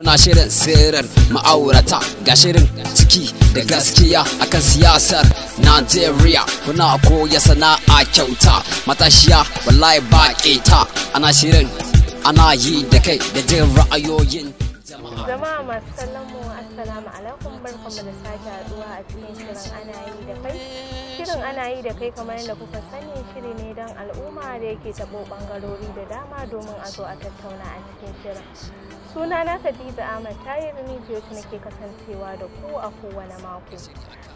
na shirin sirrin ma'aurata ga shirin ciki da gaskiya akan siyasar Najeriya kuna koya sana'a kyauta matashiya wallahi ba ta ana shirin ana yi da kai da jin ra'ayoyin jama'a jama'a masu kallon mu assalamu alaikum barkamu da sake haɗuwa a cikin shirin ana yi da kai Shirin ana yi da kai kamar yadda kuka sani shiri ne don al'umma da yake taɓo ɓangarori da dama domin a zo a tattauna a cikin shirin. Suna na Khadija Ahmad Tayir na nake kasancewa da ku a kowane mako.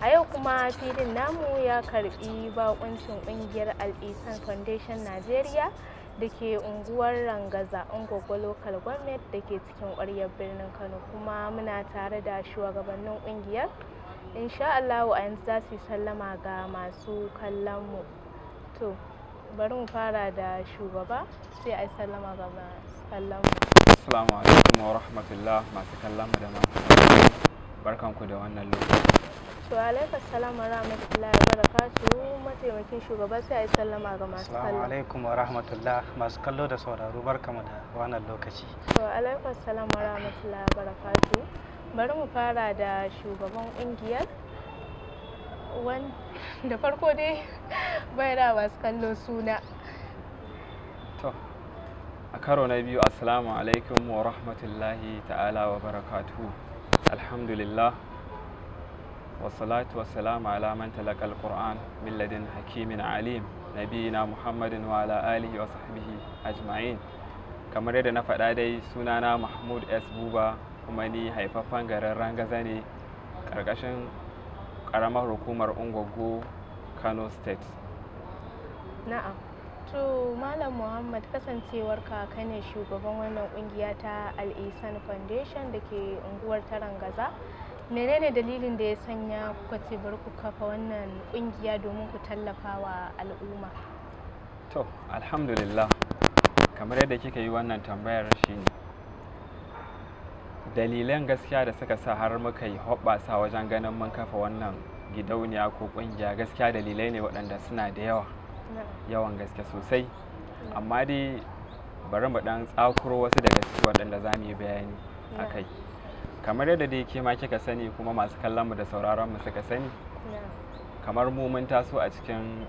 A yau kuma filin namu ya karbi bakuncin ƙungiyar Al'isan Foundation nigeria da ke unguwar Rangaza ungogo Local Government da ke cikin ƙwaryar birnin Kano kuma muna tare da shugabannin ƙungiyar. insha Allahu a yanzu za su yi sallama ga masu kallon mu to bari mu fara da shugaba sai a yi sallama ga masu kallon mu assalamu alaikum wa rahmatullah masu kallon mu da masu barkanku da wannan lokaci to alaikum salam wa rahmatullah wa barakatu mataimakin shugaba sai a yi sallama ga masu kallo assalamu alaikum wa rahmatullah masu kallo da sauraro barkamu da wannan lokaci to alaikum salam wa rahmatullahi wa barakatu. bari mu fara da shugaban ƙungiyar da farko dai bai da masu kallo suna to a karo na biyu assalamu alaikum wa rahmatullahi ta'ala wa barakatuhu alhamdulillah wasalatu wasalamu ala man talaka alquran min ladin hakimin alim nabiyina muhammadin wa ala alihi wa sahbihi ajma'in kamar yadda na faɗa dai sunana mahmud s buba kuma ni haifaffen garin rangaza ne ƙarƙashin ƙaramar hukumar ungogo kano state na'am to malam muhammad kasancewar ka ne shugaban wannan ƙungiya ta al'isan foundation da ke unguwar ta rangaza menene dalilin da ya sanya kuka ce bari ku kafa wannan ƙungiya domin ku tallafa wa al'umma to alhamdulillah kamar yadda kika yi wannan tambayar shine dalilan gaskiya da suka sa har muka yi hoɓasa wajen ganin mun kafa wannan gidauniya ko ƙungiya gaskiya dalilai ne waɗanda suna da yawa yawan gaske sosai amma dai bari mu ɗan tsakuro wasu daga ciki waɗanda za mu yi bayani a kai kamar yadda dai ke ma kika sani kuma masu kallon mu da sauraron mu suka sani kamar mu mun taso a cikin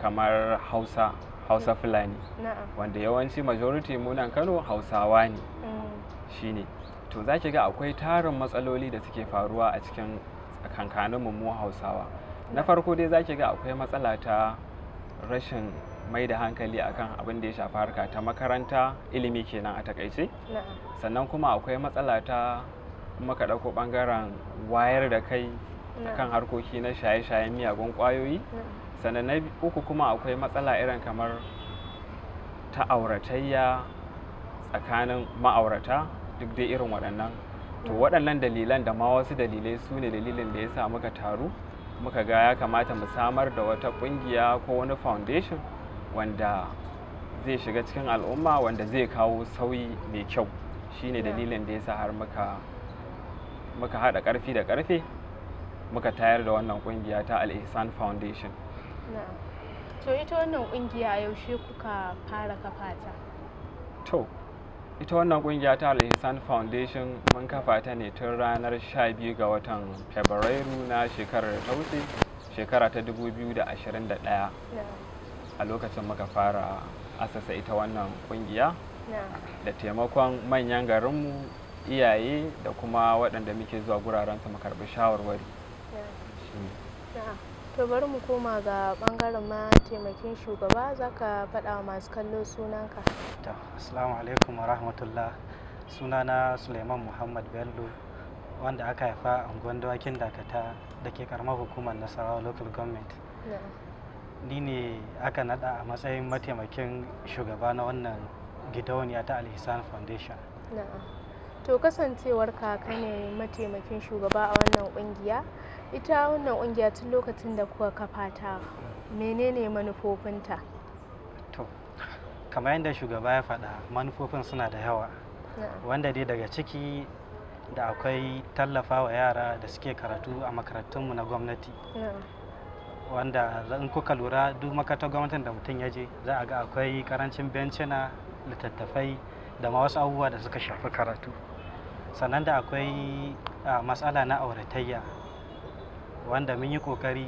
kamar hausa hausa fulani wanda yawanci majority munan kano hausawa ne mm. shine to za ki ga akwai tarin matsaloli da suke faruwa a cikin tsakankanin mu hausawa na farko dai za ki ga akwai matsala ta rashin mai da hankali akan abin da ya shafi harka ta makaranta ilimi kenan a takaice sannan kuma akwai matsala ta maka ɗauko ɓangaren wayar da kai kan harkoki na shaye-shayen miyagun ƙwayoyi sannan na uku kuma akwai matsala irin kamar ta auratayya tsakanin ma'aurata duk dai irin waɗannan to waɗannan dalilan da ma wasu dalilai su ne dalilin da ya sa muka taru muka ga ya kamata mu samar da wata ƙungiya ko wani foundation wanda zai shiga cikin al'umma wanda zai kawo sauyi mai kyau shine dalilin da ya sa har muka muka haɗa ƙarfi da ƙarfe muka tayar da wannan ƙungiya ta al-ihsan foundation to ita wannan ƙungiya yaushe kuka fara kafa ta to ita wannan kungiya ta alhisan foundation mun kafa ta ne tun ranar 12 ga watan fabrairu na shekarar ta wuce shekara ta 2021 a lokacin muka fara asasa ita wannan kungiya da taimakon manyan garinmu iyaye da kuma waɗanda muke zuwa guraren su mu karɓi shawarwari to bari mu koma ga bangaren taimakin shugaba za ka faɗa wa masu kallo sunanka to assalamu alaikum wa rahmatullah sunana suleiman muhammad bello wanda aka haifa a unguwar dawakin dakata da ke karamar hukumar nasarawa local government ni ne aka nada a matsayin mataimakin shugaba na wannan gidauniya ta alhisan foundation to kasancewar ka ne mataimakin shugaba a wannan kungiya ita wannan ƙungiya tun lokacin da kuka kafa ta menene manufofinta to kamar yadda shugaba ya faɗa manufofin suna da yawa wanda dai daga ciki da akwai tallafa wa yara da suke karatu a makarantunmu na gwamnati wanda in kuka lura duk makarantar gwamnatin da mutum ya je za a ga akwai karancin bencina littattafai da ma wasu abubuwa da suka shafi karatu sannan da akwai ah, matsala na auratayya wanda mun yi kokari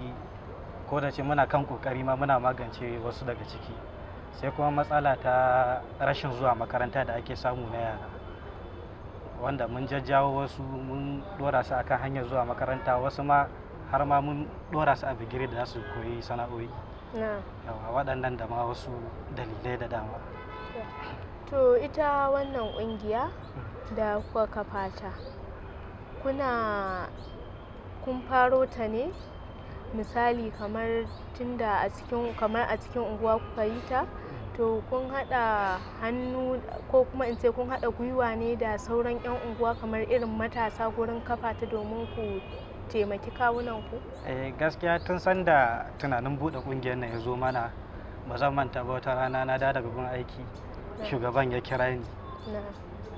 ko da ce muna kan kokari ma muna magance wasu daga ciki sai kuma matsala ta rashin zuwa makaranta da ake samu na yara wanda mun jajjawo wasu mun dora su akan hanyar zuwa makaranta wasu ma har ma mun dora su a bigire da su koyi sana'o'i yawa waɗannan da ma wasu dalilai da dama to ita wannan ƙungiya da kuka kafa ta kuna kun faro ta ne misali kamar tunda a cikin kamar a cikin unguwa kuka yi ta to kun haɗa hannu ko kuma in ce kun haɗa gwiwa ne da sauran 'yan unguwa kamar irin matasa gurin kafa ta domin ku taimaki kawunan ku? eh gaskiya tun sanda tunanin buɗe ƙungiyar na ya zo mana ba zan manta ba wata rana na da daga gun aiki shugaban ya kira ni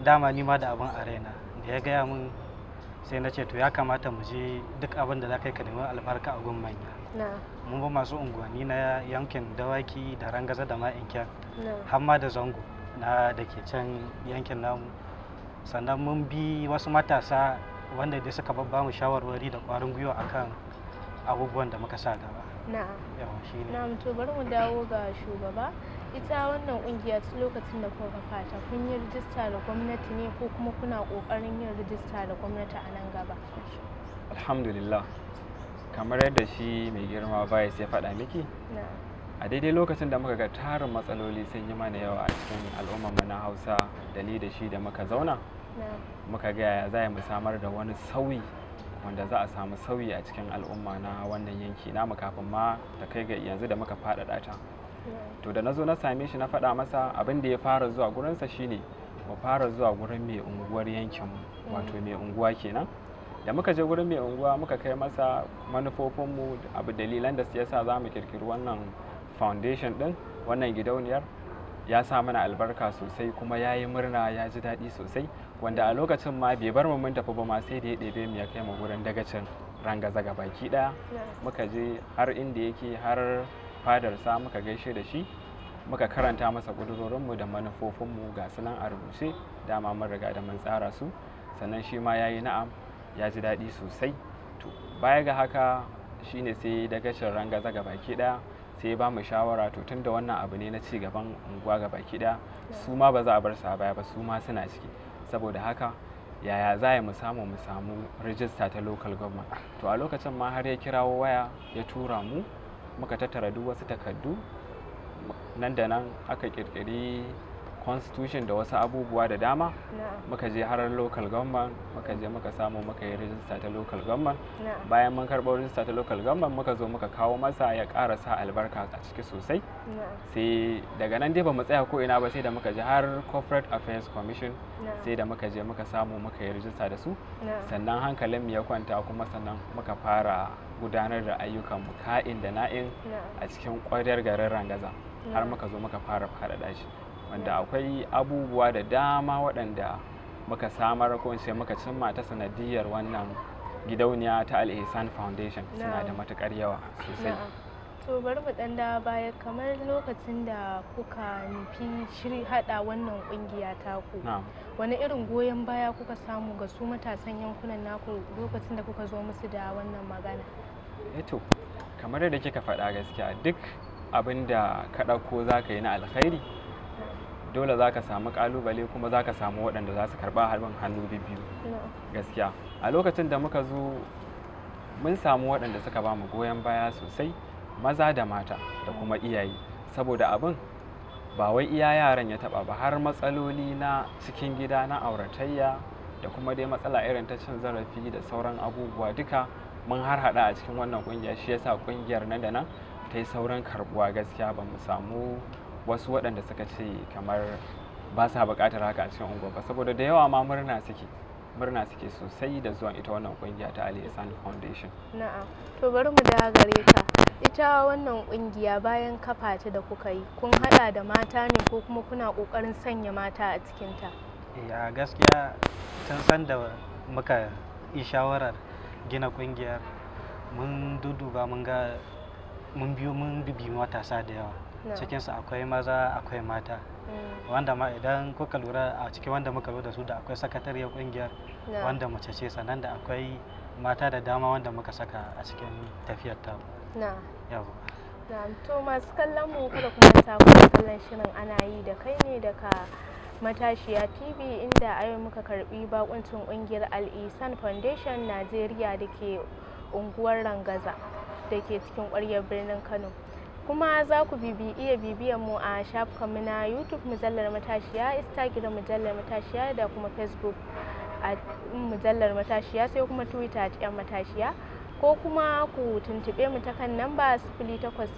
dama ni ma da abin arena da ya gaya min sai na ce to ya kamata mu je duk abin da za ka yi ka nemi albarka a gun manya mun ba masu unguwanni na yankin dawaki da rangaza da ma'inkiya har da zango na da ke can yankin namu sannan mun bi wasu matasa wanda dai suka babba mu shawarwari da kwarin gwiwa akan abubuwan da muka sa gaba bari mu dawo ga shugaba ita wannan ƙungiya tun lokacin da kuka kafa ta kun yi rijista da gwamnati ne ko kuma kuna ƙoƙarin yin rijista da gwamnati a nan gaba alhamdulillah kamar yadda shi mai girma baya sai faɗa miki a daidai lokacin da muka ga tarin matsaloli sun yi mana yawa a cikin mu na hausa da ni da shi da muka zauna muka ga yaya za mu samar da wani sauyi wanda za a samu sauyi a cikin al'umma na wannan yanki namu kafin ma ta kai ga yanzu da muka faɗaɗa ta to da na zo na same shi na faɗa masa abin da ya fara zuwa gurinsa shine mu fara zuwa gurin mai unguwar yankin wato mai unguwa kenan da muka je gurin mai unguwa muka kai masa manufofinmu abu dalilan da su yasa za mu kirkiri wannan foundation ɗin wannan gidauniyar ya sa mana albarka sosai kuma ya yi murna ya ji daɗi sosai wanda a lokacin ma bai bar mu mun tafi ba ma sai da ya ɗebe mu ya kai mu gurin dagacin ranga zaga baki ɗaya muka je har inda yake har fadarsa muka gaishe da shi muka karanta masa mu da manufofinmu ga sunan a rubuce dama mun riga da mun tsara su sannan shi ma ya yi na'am ya ji daɗi sosai to baya ga haka shi ne sai gashin rangaza ga baki ɗaya sai ba mu shawara to tun da wannan abu ne na ci gaban unguwa ga baki ɗaya su ma ba za a bar su baya ba su ma suna ciki saboda haka yaya za mu samu mu samu rijista ta local government to a lokacin ma har ya kirawo waya ya tura mu muka tattara duk wasu takardu nan da nan aka kirkiri constitution da wasu abubuwa da dama muka je harar local government muka je muka samu muka yi register ta local government bayan mun karɓo register ta local government muka zo muka kawo masa ya ƙara sa albarka a ciki sosai sai daga nan dai ba mu tsaya ko ina ba sai da muka je har corporate affairs commission sai da muka je muka samu muka yi register da su sannan hankalin mu ya kwanta kuma sannan muka fara gudanar da ayyukan mu ka'in da na'in a cikin ƙwadar garin rangaza har muka zo muka fara fara shi wanda akwai abubuwa da dama waɗanda muka samar ko in muka cimma ta sanadiyar wannan gidauniya ta al foundation suna da matukar yawa sosai to bari mu dan da baya kamar lokacin da kuka nufi shiri hada wannan kungiya ku wani irin goyon baya kuka samu ga su matasan yankunan naku lokacin da kuka zo musu da wannan magana eto eh kamar yadda kika faɗa gaskiya duk abinda da ka ɗauko za yi na alkhairi dole za ka samu kalubale kuma za ka samu waɗanda za su karɓa harbin hannu biyu gaskiya a lokacin da muka zo mun samu waɗanda suka ba mu goyon baya sosai maza da mata da kuma iyaye saboda abin ba wai iya yaran ya taba ba har matsaloli na cikin gida na auratayya da kuma dai matsala irin ta cin zarafi da sauran abubuwa duka mun har hada a cikin wannan kungiya shi yasa kungiyar nan da nan ta yi sauran karbuwa gaskiya ba mu samu wasu waɗanda suka ce kamar ba sa buƙatar haka a cikin unguwa saboda da yawa ma murna suke murna suke sosai da zuwan ita wannan ƙungiya ta Ali Ihsan Foundation. Na'am. To bari mu da gare ka. Ita wannan ƙungiya bayan kafa ta da kuka yi, kun haɗa da mata ne ko kuma kuna ƙoƙarin sanya mata a cikin ta? Eh, gaskiya tun san da muka yi shawarar gina ƙungiyar mun duduba mun ga mun biyo mun bibi matasa da yawa. cikinsu akwai maza akwai mata mm. wanda ma idan kuka lura a cikin wanda muka lura da su da akwai sakatariyar kungiyar wanda mace ce sannan da akwai mata da dama wanda muka saka a cikin tafiyar ta to masu kallon mu kada kuma ta kuma kallon shirin ana yi da kai ne daga matashiya tv inda a yau muka karbi bakuncin kungiyar al ihsan foundation najeriya da ke unguwar rangaza da ke cikin ƙwaryar birnin kano kuma za ku iya bibiyan mu a shafukan mu na youtube mujallar matashiya instagram mujallar matashiya da kuma facebook mujallar matashiya sai kuma twitter a matashiya ko kuma ku tuntube mu ta kan namba sifili takwas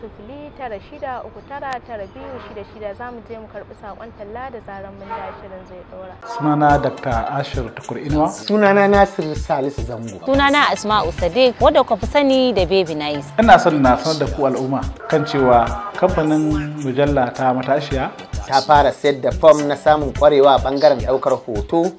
za mu je mu karɓi saƙon talla da zaran mun da shirin zai ɗora. sunana dr ashir tukur inuwa. sunana nasir salisu zango. sunana asma'u sadiq wadda ku fi sani da baby nice. ina son na sanar da ku al'umma kan cewa kamfanin mujalla ta matashiya ta fara sayar da fom na samun kwarewa a bangaren ɗaukar hoto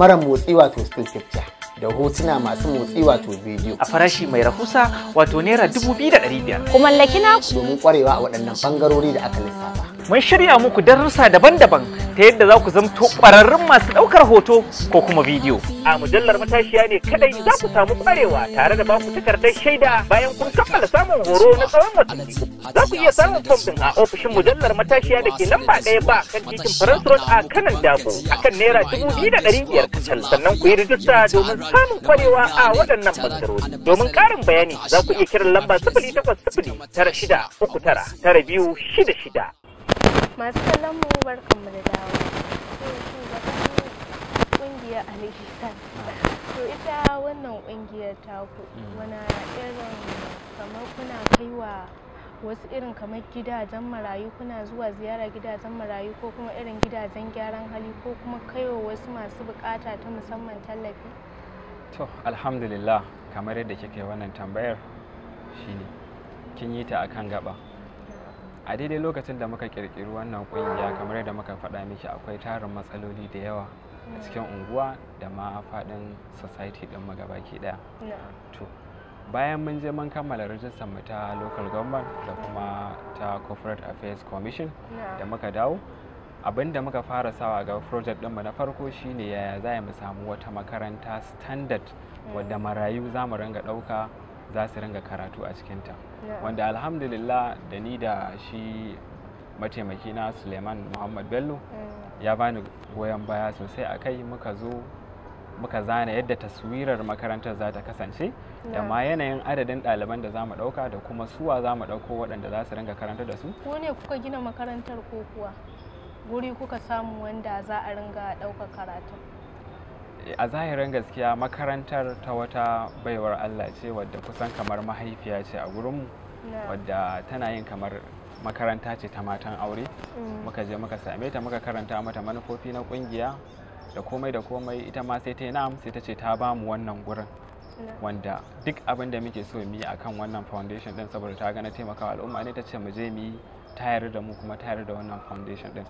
mara motsi wato still picture. da hotuna masu motsi wato bidiyo a farashi mai rahusa wato naira dubu biyu da ɗari biyar ku mallaki naku domin kwarewa a waɗannan bangarori da aka lissafa mun shirya muku darussa daban-daban ta yadda za ku zamto ƙwararrun masu ɗaukar hoto ko kuma bidiyo. A mujallar matashiya ne kadai za ku samu ƙwarewa tare da baku takardar shaida bayan kun kammala samun horo na tsawon watanni. Za ku iya samun fom a ofishin mujallar matashiya da ke lamba ɗaya ba kan titin Faransu Road a kanan Dabo a kan Naira dubu biyu da ɗari biyar kacal sannan ku yi rijista domin samun ƙwarewa a waɗannan ɓangarori. Domin ƙarin bayani za ku iya kiran lamba sifili takwas sifili tara shida uku tara tara biyu shida shida. masu kallon mu barkanmu da dawo shugaban kungiyar alikitan to ita wannan kungiyar kuɗi mm. wani irin kamar kuna kaiwa wasu irin kamar gidajen marayu kuna zuwa ziyara gidajen marayu ko kuma irin gidajen gyaran hali ko kuma kaiwa wasu masu bukata ta musamman tallafi to alhamdulillah kamar yadda kika yi wannan tambayar shine kin yi ta akan gaba a daidai lokacin da muka kirkiri wannan kungiya kamar yadda muka faɗa miki akwai tarin matsaloli da yawa a mm. cikin unguwa da ma faɗin society ɗin mu gabaki ɗaya to bayan mun je mun kammala rajistar mu ta local government da kuma ta corporate affairs commission da muka dawo abin da muka fara sawa ga project ɗinmu na farko shine yaya za mu samu wata makaranta standard mm. wadda marayu za mu ringa ɗauka za su ringa karatu a cikinta. wanda alhamdulillah da ni da shi mataimaki na suleiman muhammad bello ya bani goyon baya sosai a kai muka zo muka zana yadda taswirar makarantar za ta kasance da ma yanayin adadin ɗaliban da za mu ɗauka da kuma suwa za mu ɗauko waɗanda za su ringa karanta da su ko ne kuka gina makarantar ko kuwa guri kuka samu wanda za a ringa ɗaukar karatu a zahirin gaskiya makarantar ta wata baiwar Allah ce wadda kusan kamar mahaifiya ce a gurinmu wadda tana yin kamar makaranta ce ta matan aure mm. muka je muka same ta muka karanta mata manufofi na kungiya da komai da komai ita ma sai ta yi na'am sai ta ce ta ba mu wannan gurin wanda duk abin da muke so mu yi akan wannan foundation din saboda ta ga na taimakawa al'umma ne ta ce mu je mu yi tayar da mu kuma tayar da wannan foundation din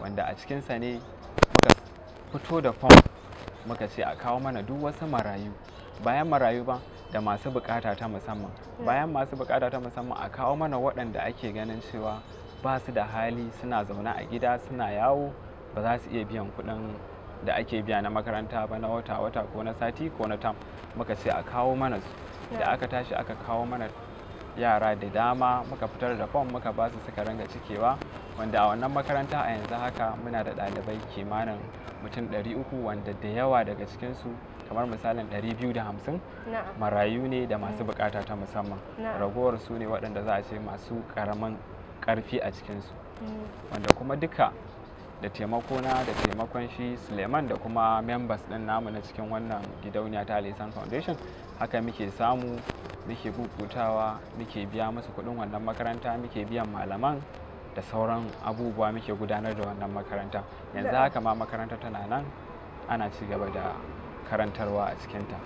wanda a cikin sa ne muka fito da fom muka ce a kawo mana duk wasu marayu bayan marayu ba da masu bukata ta musamman hmm. bayan masu bukata ta musamman a kawo mana waɗanda ake ganin cewa ba su da hali suna zaune a gida suna yawo ba za su iya biyan kuɗin da ake biya na makaranta ba na wata wata ko na sati ko na tam muka ce a kawo mana su da aka tashi aka kawo mana yara da dama muka fitar da fom muka ba su suka ranga cikewa wanda a wannan makaranta a yanzu haka muna da ɗalibai kimanin mutum 300 wanda da yawa daga cikinsu kamar misalin 250 marayu ne da mm. masu bukata ta musamman ragowar su ne waɗanda za a ce masu ƙaramin ƙarfi a cikinsu mm. wanda kuma duka da taimako na da taimakon shi suleiman da kuma members din namu na cikin wannan gidauniya ta alisan foundation haka muke samu muke bukutawa muke biya musu kudin wannan makaranta muke biyan malaman da sauran abubuwa muke gudanar da wannan makaranta yanzu haka ma makaranta tana nan ana ci gaba da karantarwa a cikinta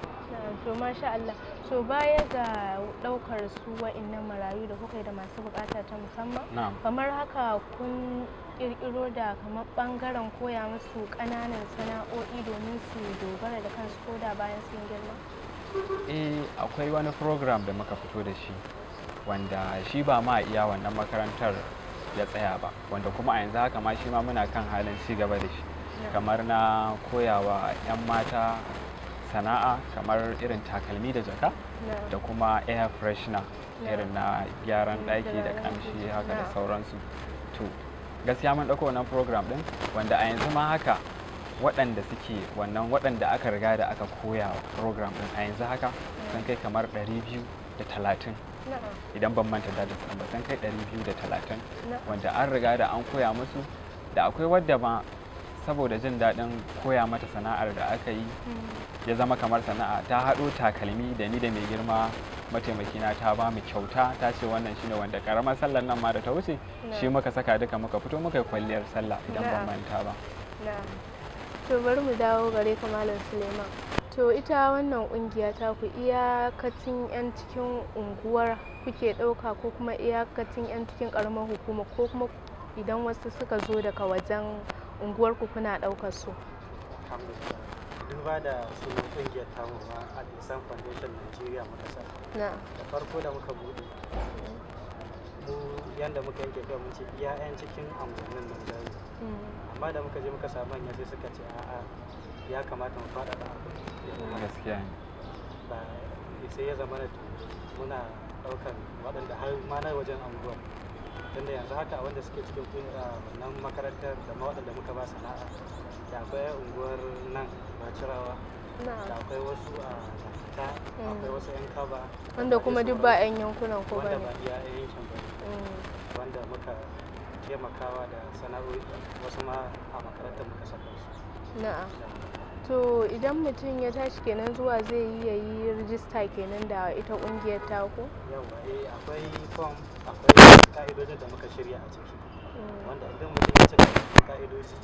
to masha Allah so baya ga daukar su wa'annan marayu da kuka yi da masu bukata ta musamman kamar haka kun kirkiro da kamar bangaren koya musu ƙananan sana'o'i domin su dogara da kansu ko da bayan sun girma eh akwai wani program da muka fito da shi wanda shi ba ma iya wannan makarantar ya tsaya ba wanda kuma a yanzu haka ma shi ma muna kan halin ci gaba da shi kamar na koyawa 'yan mata sana'a kamar irin takalmi da jaka da kuma air freshener irin na gyaran mm, ɗaki da ƙamshi haka da sauransu to gaskiya mun ɗauko wannan program ɗin wanda a yanzu ma haka waɗanda suke wannan waɗanda aka riga da aka koya program din a yanzu haka sun kai kamar 230 idan ban manta da ba sun kai 230 wanda an riga da an koya musu da akwai wadda ma saboda jin daɗin koya mata sana'ar da aka yi mm. ya zama kamar sana'a ta haɗo takalmi da ni da mai girma mataimakina ta ba mu kyauta ta ce wannan shine wanda karamar sallar nan ma da ta wuce shi muka saka duka muka fito muka kwalliyar sallah idan ban manta ba to bari mu dawo gare ka malam suleiman to ita wannan kungiya ta ku iyakacin yan cikin unguwar kuke ɗauka ko kuma iyakacin yan cikin karamar hukuma ko kuma idan wasu suka zo daga wajen unguwarku kuna ɗaukar su duba da sunan kungiyar tamu a Alisan Foundation Nigeria muka sa. Da farko da muka bude. Mu yanda muka yanke kai mun ce cikin unguwannin nan zai. Mm. Amma da muka je muka samu manya sai suka ce a'a ya kamata mu fada da abu. Gaskiya ne. Ba sai ya zama da muna daukan waɗanda har ma na wajen anguwar. tunda yanzu haka wanda suke cikin ah, wannan makarantar da ba sana'a da akwai unguwar nan bacirawa da akwai wasu a ta hmm. kuma duk ba 'yan yankunan ko ba ne wanda ba iya 'yan hmm. da sana'o'i wasu ma a makarantar muka saka su to idan mutum ya tashi kenan zuwa zai yi ya yi rijista kenan da ita kungiyar taku? yawa eh akwai form akwai ka'idojin da muka shirya a ciki mm. wanda idan mutum ya cika ka'idoji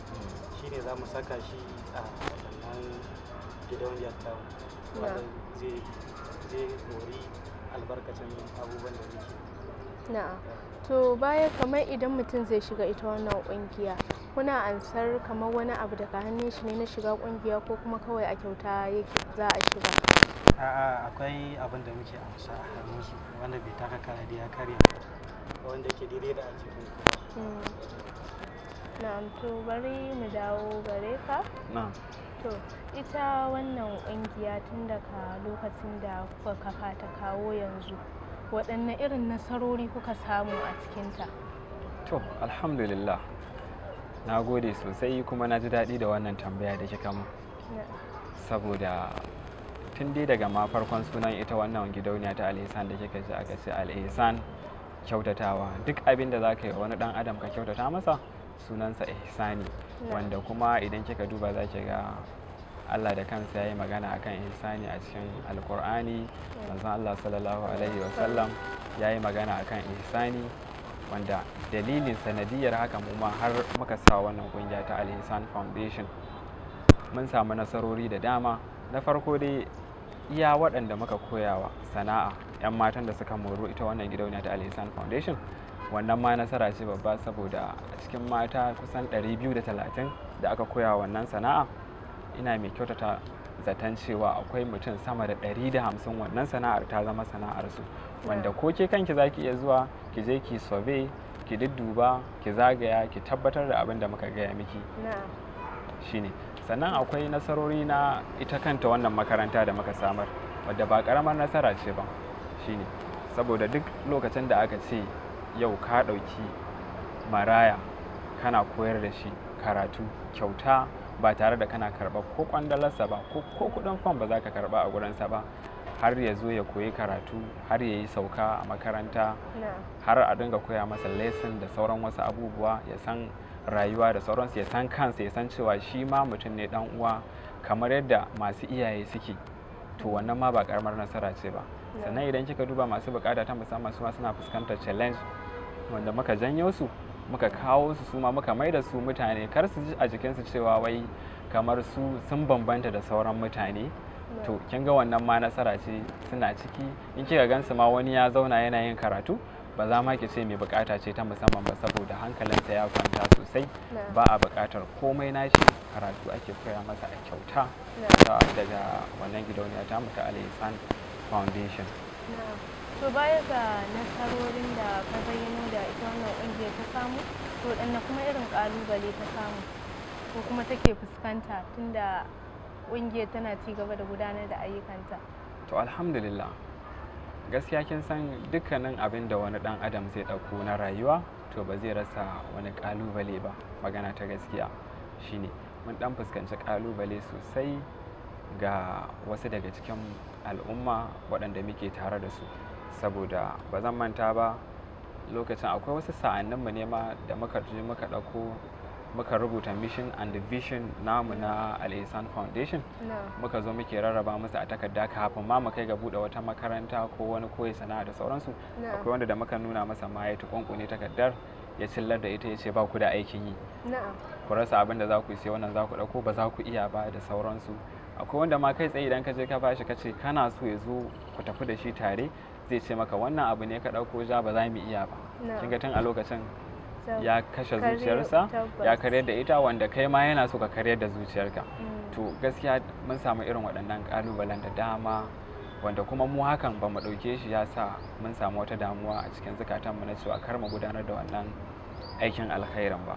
ne za mu saka shi a wannan gidauniyar taku wanda zai zai hori albarkacin abubuwan da muke na'a to baya kamar idan mutum zai shiga ita wannan ƙungiya kuna ansar kamar wani abu daga hannun shi ne na shiga kungiya ko kuma kawai a kyauta za a shiga a'a akwai abin da muke amsa a hannun su wanda bai taka kara ya karya wanda ke daidai da aljihun hmm. na'am to bari mu dawo gare ka na'am to ita wannan kungiya tun daga lokacin da kuka kafa ta kawo yanzu waɗanne irin nasarori kuka samu a cikinta to alhamdulillah na gode sosai kuma na ji daɗi da wannan tambaya da kika mu saboda tun dai daga ma farkon sunan ita wannan gidauniya ta al'isan da kika ji aka ce alisan kyautatawa duk abin da za ka yi wani dan adam ka kyautata masa sunansa ihsani wanda kuma idan kika duba za ki ga Allah da kansa ya yi magana akan ihsani a cikin alkur'ani manzon Allah sallallahu alaihi wasallam ya yi magana akan ihsani wanda dalilin sanadiyar haka mu ma har muka sa wannan kungiya ta alhisan foundation mun samu nasarori da dama na farko dai iya waɗanda muka koyawa sana'a 'yan matan da suka moro ita wannan gidauniya ta alhisan foundation wannan ma nasara ce babba saboda a cikin mata kusan 230 da aka koya wannan sana'a ina mai kyautata zaton cewa akwai mutum sama da 150 wannan sana'ar ta zama sana'ar su. wanda ko ke kanki zaki iya zuwa ki je ki sobe ki dudduba ki zagaya ki tabbatar da abin da muka gaya miki shine sannan akwai nasarori na ita kanta wannan makaranta da muka samar wadda ba karamar nasara ce ba shine saboda duk lokacin da aka ce yau ka ɗauki maraya kana koyar da shi karatu kyauta ba tare da kana karɓa ko kwandalarsa ba ko kuɗin fam ba za ka karɓa a gurinsa ba har ya zo ya koyi karatu har ya yi sauka a makaranta har a dinga koya masa lesson da sauran wasu abubuwa ya san rayuwa da sauransu ya san kansa ya san cewa shi ma mutum ne dan uwa kamar yadda masu iyaye suke to wannan ma ba karamar nasara ce ba sannan idan kika duba masu bukata ta musamman su ma suna fuskantar challenge wanda muka janyo su muka kawo su su ma muka maida su mutane kar su ji a jikinsu cewa wai kamar su sun bambanta da sauran mutane to kin ga wannan ma nasara ce suna ciki in kika gansu ma wani ya zauna yana yin karatu ba za ma ki ce mai bukata ce ta musamman ba saboda hankalinsa ya kwanta sosai ba a bukatar komai nashi karatu ake koya masa a kyauta daga wannan gidauniya ta mutu alisan foundation to baya ga nasarorin da ka bayyano da ita wannan ƙungiyar ta samu to kuma irin ƙalubale ta samu ko kuma take fuskanta tunda ƙungiyar tana ci gaba da gudanar da ayyukanta to alhamdulillah gaskiya kin san dukkanin abin da wani dan adam zai ɗauko na rayuwa to ba zai rasa wani ƙalubale ba magana ta gaskiya shine mun dan fuskanci ƙalubale sosai ga wasu daga cikin al'umma waɗanda muke tare da su saboda ba zan manta ba lokacin akwai wasu sa'anninmu ne ma da muka je muka ɗauko muka rubuta mission and vision namu na al'isan foundation muka zo muke rarraba musu a takarda kafin ma mu kai ga buɗe wata makaranta ko wani koyi sana'a da sauransu akwai wanda da muka nuna masa ma ya tukunkune takardar ya cillar da ita ya ce ba ku da aikin yi ku rasa abin da za ku sai wannan za ku ɗauko ba za ku iya ba da sauransu akwai wanda ma kai tsaye idan ka je ka bashi ka ce kana so ya zo ku tafi da shi tare zai ce maka wannan abu ne ka ɗauko ja ba za mu iya ba kin ga tun a lokacin ya kashe zuciyarsa ya karyar da ita wanda kai ma yana so ka karyar da zuciyarka mm. to gaskiya mun samu irin waɗannan ƙalubalen da dama wanda kuma mu hakan ba mu ɗauke shi ya sa mun samu wata damuwa a cikin mu na cewa kar mu gudanar da wannan aikin alkhairin ba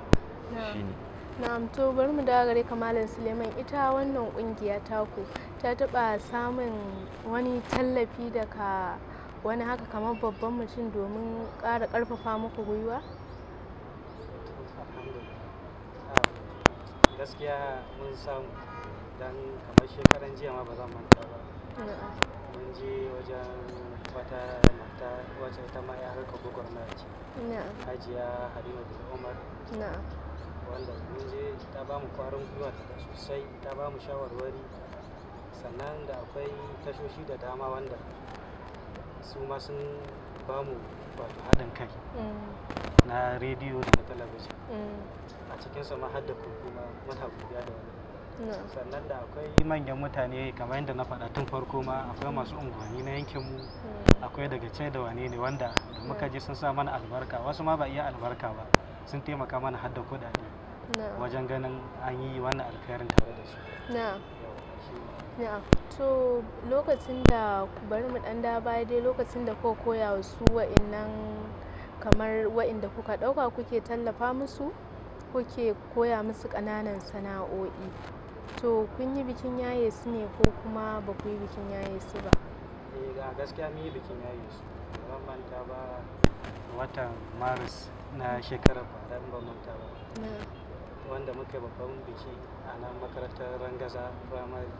shine na'am to bari mu dawo gare ka malam suleiman ita wannan kungiya taku ta taba samun wani tallafi daga wani haka kamar babban mutum domin kara karfafa muku gwiwa gaskiya mun samu don kamar shekaran jiya ma ba zan manta ba mun ji wajen wata mata wacce ta ma ya harka na ce hajiya halima bin umar wanda mun je ta ba mu kwarin gwiwa da sosai ta ba mu shawarwari sannan da akwai tashoshi da dama wanda su ma sun bamu wato haɗin kai mm. na rediyo da na talabijin mm. a cikinsu ma hadda da kuma muna da wani sannan da akwai manyan mutane kamar yadda na faɗa tun farko ma akwai masu unguwanni na yankinmu mm. akwai daga ce da wane ne wanda da muka je sun sa mana albarka wasu ma ba iya albarka ba sun taimaka mana hadda kuɗaɗe wajen ganin an yi wannan alkhairin tare da su To lokacin da bari mu ɗan da baya dai lokacin da kuka koya wa su wa'annan kamar wa'inda kuka ɗauka kuke tallafa musu kuke koya musu ƙananan sana'o'i. To kun yi bikin yaye su ne ko kuma ba ku yi bikin yaye su ba? Eh gaskiya mun yi bikin yaye su. Ban manta ba watan Maris na shekarar ba in ban manta ba. wanda muka yi babban biki a nan makarantar rangaza primary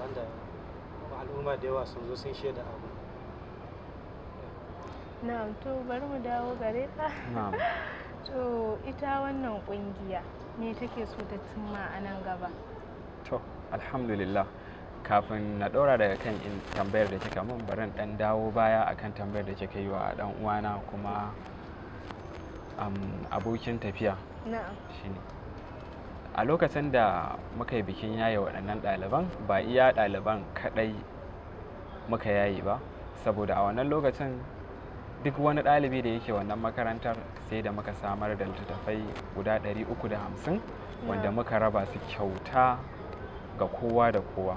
wanda al'umma da yawa sun zo sun shaida abu na'am to bari mu dawo gare ta to ita wannan kungiya me take so ta cimma a nan gaba to alhamdulillah kafin na ɗora daga kan tambayar da kika min barin ɗan dawo baya akan tambayar da kika yi wa ɗan uwana kuma abokin tafiya a lokacin da muka yi bikin yaye waɗannan ɗaliban ba iya ɗaliban kaɗai muka yayi ba saboda a wannan lokacin duk wani ɗalibi da yake wannan makarantar sai da muka samar da littattafai guda 350 wanda muka raba su kyauta ga kowa da kowa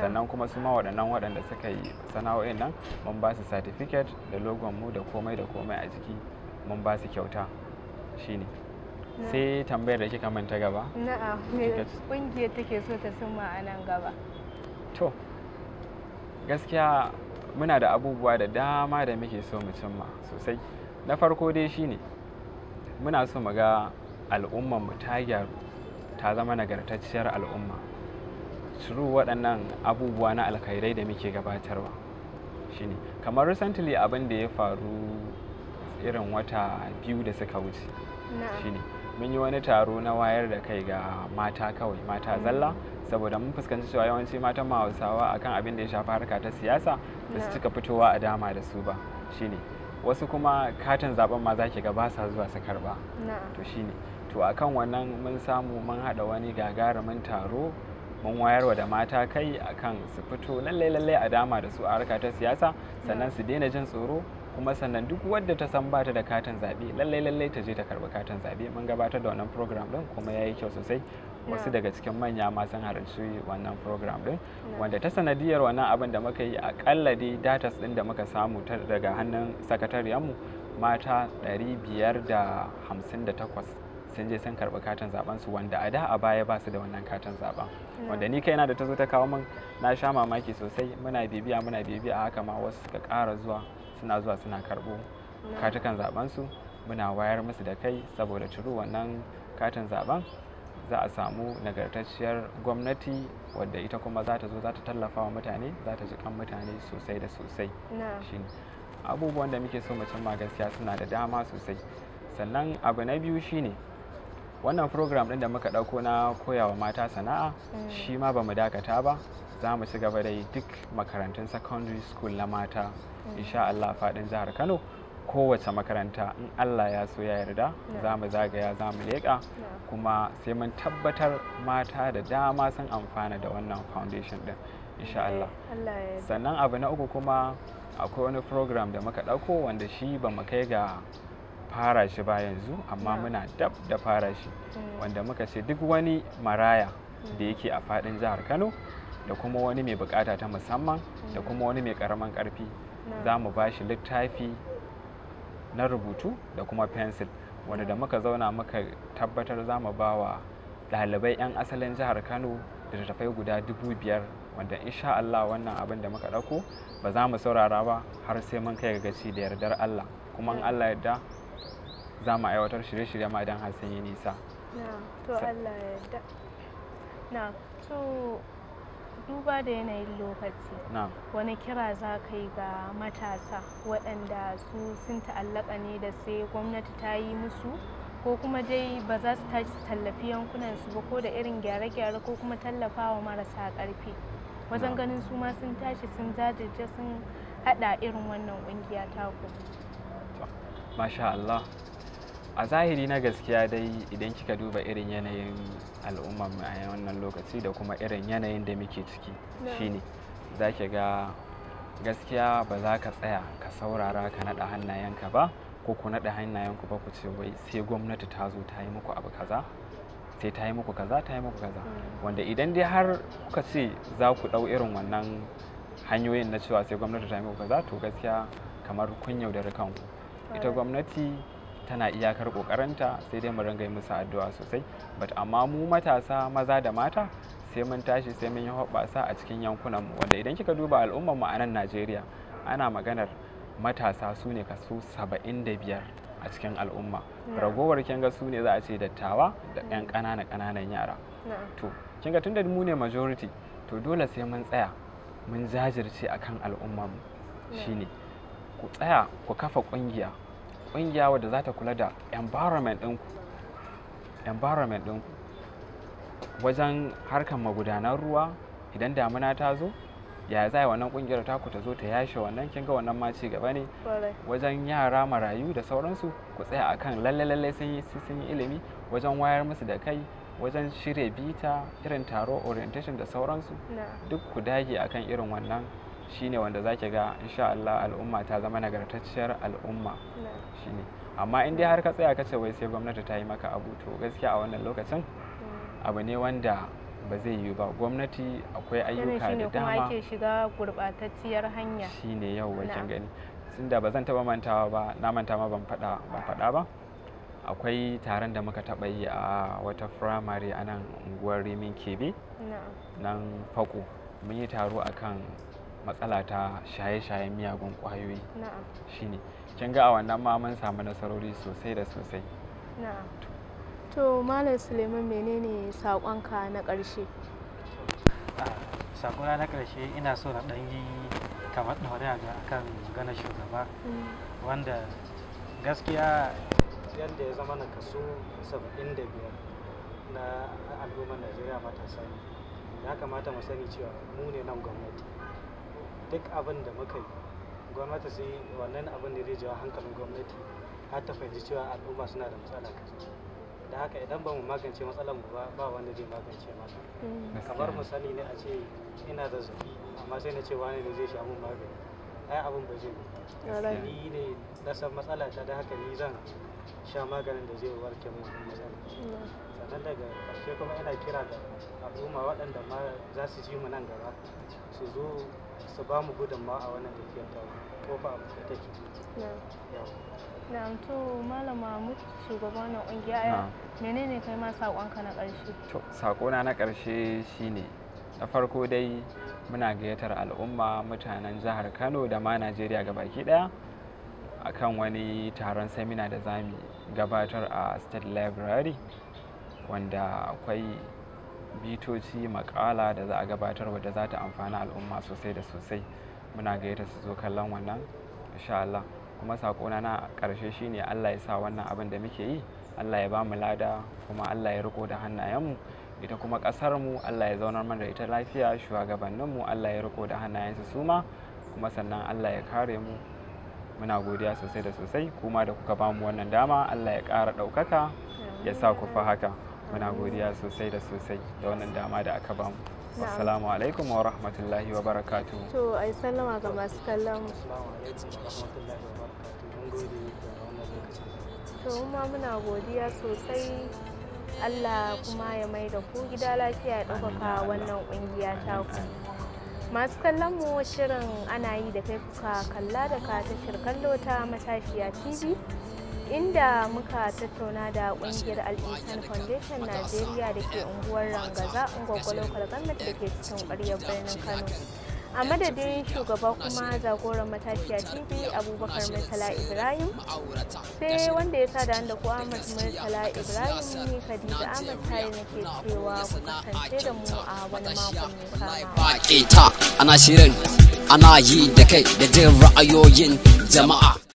sannan kuma su ma waɗannan waɗanda suka yi sana'o'in nan mun ba su certificate da logon mu da komai da komai a jiki mun ba su kyauta shine sai tambayar da kika manta gaba na'a me kungiyar take so ta suma a nan gaba to gaskiya muna da abubuwa da dama da muke so mu cimma sosai na farko dai shine muna so mu ga al'umman mu ta gyaru ta zama nagartacciyar al'umma suru waɗannan abubuwa na alkhairai da muke gabatarwa shine kamar recently abin da ya faru irin wata biyu da suka wuce shine mun yi wani taro na wayar da kai ga mata kawai mata mm. zalla saboda mun fuskanci cewa yawanci matan hausawa akan abin da ya shafi harka ta siyasa ba su cika fitowa a dama da su ba shine wasu kuma katin zaben ma za ki ga ba sa zuwa su karba to shine to akan wannan mun samu mun hada wani gagarumin taro mun wayarwa da mata kai akan su fito lallai lallai a dama da su a harka ta siyasa sannan su daina jin tsoro kuma sannan duk wadda ta san bata da katin zaɓe lallai lallai ta je ta karɓi katin zaɓe mun gabatar da wannan program din kuma ya yi kyau sosai wasu daga cikin manya ma sun halarci wannan program din. wanda ta sanadiyar wannan abin da muka yi akalla dai datas ɗin da muka samu daga hannun sakatariyarmu mata 558 sun je sun karɓi katin zaben su wanda a da a baya ba su da wannan katin zaben wanda ni kaina da ta zo ta kawo min na sha mamaki sosai muna bibiya muna bibiya haka ma wasu suka ƙara zuwa suna zuwa suna karɓo katukan zaben su muna wayar musu da kai saboda ciro wannan katin zaben za a samu nagartacciyar gwamnati wadda ita kuma za ta zo za ta tallafa wa mutane za ta ji kan mutane sosai da sosai shine abubuwan da muke so mu cimma gaskiya suna da dama sosai sannan abu na biyu shine wannan program din da muka ɗauko na koyawa mata sana'a mm. shi ma ba mu dakata ba za mu ci gaba da duk makarantun secondary school na mata Mm. insha Allah faɗin jihar Kano kowace makaranta in Allah ya so ya yarda za mu zagaya za mu leƙa kuma sai mun tabbatar mata da dama sun amfana da wannan foundation din insha Allah sannan abu na uku kuma akwai wani program da muka ɗauko wanda shi ba mu kai ga fara shi ba yanzu amma muna dab da fara shi mm. wanda muka ce duk wani maraya mm. da yake a faɗin jihar Kano da kuma wani mai bukata ta musamman da kuma wani mai karaman karfi za mu ba shi littafi na rubutu da kuma fensil wanda da muka zauna muka tabbatar za mu ba wa ɗalibai 'yan asalin jihar kano da tafai guda dubu biyar wanda insha Allah wannan abin da muka ɗauko ba za mu saurara ba har sai mun kai gaci da yardar Allah kuma in Allah yarda za mu aiwatar shirye-shirye ma idan har sun yi nisa. Na, to Allah yarda. Na, to duba da yanayin lokaci wani kira za ka yi ga matasa waɗanda su sun ta'allaka ne da sai gwamnati ta yi musu ko kuma dai ba za su tashi tallafi yankunansu ba ko da irin gyare-gyare ko kuma tallafawa marasa ƙarfi wajen ganin su ma sun tashi sun jajirce sun haɗa irin wannan ƙungiya taku. Masha Allah. a zahiri na gaskiya dai idan kika duba irin yanayin al'umma a wannan lokaci da kuma irin yanayin da muke ciki shine za ki ga gaskiya ba za ka tsaya ka saurara ka naɗa hannayenka ba ko ku naɗa hannayenku ba ku ce wai sai gwamnati ta zo ta yi muku abu kaza sai ta yi muku kaza ta yi muku kaza hmm. wanda idan dai har kuka ce za ku ɗau irin wannan hanyoyin na cewa sai gwamnati ta yi muku kaza to gaskiya kamar kun yaudari kanku ita gwamnati tana iyakar kokarinta sai dai mu ringa musu addu'a sosai but amma mu matasa maza da mata sai mun tashi sai mun yi hoɓɓasa a cikin yankunanmu wanda idan kika duba al'ummar mu a nan Najeriya ana maganar matasa su ne kaso 75 a cikin al'umma ragowar kinga su ne za a ce dattawa da 'yan ƙanana ƙananan yara to kinga tunda mu ne majority to dole sai mun tsaya mun jajirce akan mu shine ku tsaya ku kafa ƙungiya kungiya wadda za ta kula da environment ɗinku environment wajen harkar magudanar ruwa idan damuna ta zo ya za a wannan kungiyar ku ta zo ta yashe wannan kinga wannan ma ci gaba ne wajen yara marayu da sauransu ku tsaya akan lalle lalle sun yi sun yi ilimi wajen wayar musu da kai wajen shirya bita irin taro orientation da sauransu duk ku dage akan irin wannan shine wanda zaki ga insha Allah al'umma ta zama nagartacciyar al'umma shine amma in dai har ka tsaya ka wai sai gwamnati ta yi maka abu to gaskiya a wannan lokacin mm. abu ne wanda ba zai yiwu ba gwamnati akwai ayyuka da dama kuma ake shiga gurbatacciyar hanya shine yau wajen gani tunda ba zan taba mantawa ba na manta ma ban faɗa ba akwai taron da muka taɓa yi a wata firamare a nan unguwar rimin kebe nan fako mun yi taro akan matsala ta shaye-shayen miyagun ƙwayoyi shine kin ga a wannan ma mun samu nasarori sosai da sosai to malam suleiman menene saƙonka na ƙarshe saƙona na ƙarshe ina so na ɗan yi kamar ɗaure ga kan magana shugaba mm. wanda gaskiya yadda ya zama na kaso 75 na al'ummar najeriya matasa sani ya kamata mu sani cewa mu ne nan gwamnati duk abin da muka yi gwamnati sai wannan abin da zai jawo hankalin gwamnati har ta fahimci cewa al'umma suna da matsala kaza da haka idan ba mu magance matsalar mu ba ba wanda zai magance mata mm. kamar misali ne a ce ina da zafi amma sai na ce wani ne zai sha mun magani ai abin ba zai yi ni ne na san matsala ta da haka ni zan sha maganin da zai warke mun matsala mm. sannan daga ƙarshe kuma ina kira da al'umma waɗanda ma za su ji mu nan gaba su zo su ba mu gudunma a wannan tafiyar ta ko fa abu da take na to malama mahmud shugaban wannan kungiya menene kai ma sakonka na karshe to sakona na karshe shine na farko dai muna gayyatar al'umma mutanen jihar kano da ma najeriya baki daya akan wani taron samina da zamu gabatar a state library wanda akwai bitoci makala da za a gabatar wadda za ta amfana al'umma sosai da sosai muna gayyata su zo kallon wannan insha Allah kuma sakona na ƙarshe shine Allah ya sa wannan abin da muke yi Allah ya ba mu lada kuma Allah ya riko da hannayenmu ita kuma ƙasar mu Allah ya zaunar mana da ita lafiya shugabannin mu Allah ya riko da hannayensu su ma kuma sannan Allah ya kare mu muna godiya sosai da sosai kuma da kuka ba mu wannan dama Allah ya ƙara ɗaukaka ya sa ku fa haka muna godiya sosai da sosai da wannan dama da aka bamu assalamu alaikum wa rahmatullahi wa barakatu to ai sallama ga masu kallon mu to ma muna godiya sosai Allah kuma ya mai da ku gida lafiya ya ɗaukaka wannan ƙungiya ta ku masu kallon mu shirin ana yi da kai kuka kalla da ka tashar kallo ta matashiya tv inda muka tattauna da kungiyar al'isan foundation najeriya da ke unguwar rangaza ungwagwalo local government da ke cikin ƙaryar birnin kano a madadin shugaba kuma jagoran matashiya tv abubakar murtala ibrahim sai wanda ya sada da ku ahmad murtala ibrahim ne khadija ahmad na ke cewa ku kasance da mu a wani makon kama ana shirin ana yi da kai da jin ra'ayoyin jama'a